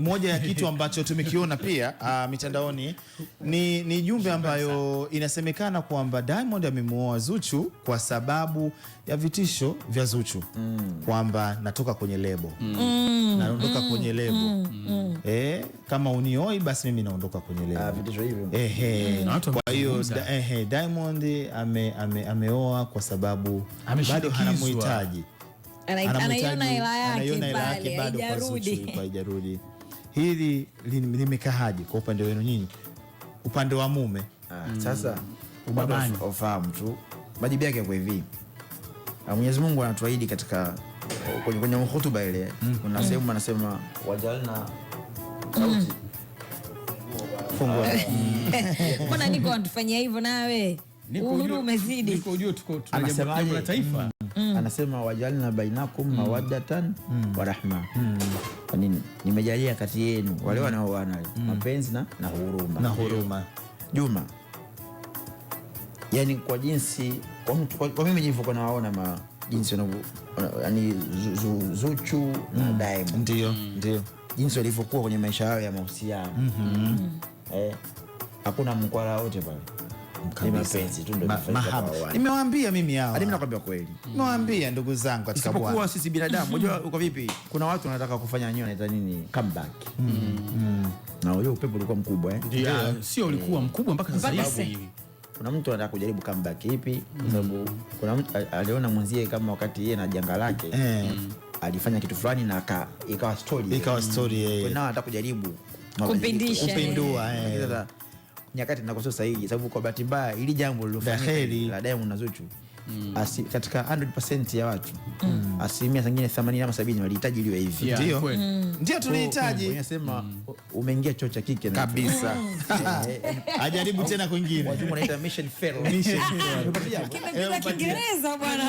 Moja ya kitu ambacho tumekiona pia uh, mitandaoni ni, ni jumbe ambayo inasemekana kwamba Diamond amemuoa Zuchu kwa sababu ya vitisho vya Zuchu mm. kwamba natoka kwenye lebo mm. mm. naondoka mm. kwenye lebo mm. mm. eh, kama unioi basi mimi naondoka kwenye lebo. Ah, vitisho hivyo. Eh, eh. Mm. Kwa hiyo da, eh, Diamond ame, ame, ameoa kwa sababu bado hanamhitaji anaiona hela yake bado haijarudi hili limekaaje kwa upande wenu nyinyi, upande wa mume? Ah, sasa mm. ubabani ufahamu tu majibu yake kwa hivi. Ah, Mwenyezi Mungu anatuahidi katika kwenye, kwenye hutuba ile mm. kuna mm. sehemu anasema wajalna mm. sauti ah. Mbona niko anatufanyia hivyo nawe? Uhuru umezidi. Niko unajua tuko tunajadiliana taifa mm. anasema wajalna bainakum mm. mawaddatan mm. wa rahma mm. nini nimejalia kati yenu wale mm. wanaoana mm. mapenzi na na huruma na huruma. Juma, yani kwa jinsi kwa, kwa, kwa mimi jivyokuwa nawaona ma jinsi yani Zuchu mm. na Diamond ndio mm. ndio jinsi walivyokuwa kwenye maisha yao ya mahusiano mm -hmm. eh, hakuna mkwara wote pale nimewambia mapenzi tu kweli, hmm. nimewaambia ndugu zangu katika sisi binadamu. Unajua hmm. uko vipi, kuna watu wanataka kufanya nini, wanaita nini, comeback hmm. na huyo upepo ulikuwa mkubwa eh? ah, sio ulikuwa mkubwa mpaka sasa kuna mtu anataka kujaribu comeback ipi? Kwa sababu kuna mtu aliona mwenzie kama wakati yeye na janga lake eh. alifanya kitu fulani na aka ikawa story story, yeye eh. anataka kujaribu kupindisha kupindua nyakati na kwa sasa sababu kwa bahati mbaya ili jambo lilofanyika la Diamond na Zuchu Mm. Asi, katika 100% ya watu mm. asilimia zingine 80 ama 70 walihitaji liwe hivi, yeah. ndio mm. ndio tulihitaji. Oh, oh, oh. Nasema mm. umeingia choo cha kike kabisa, eh, eh. ajaribu tena kwingine, wanaita mission fail, mission fail kwa eh, Kiingereza bwana.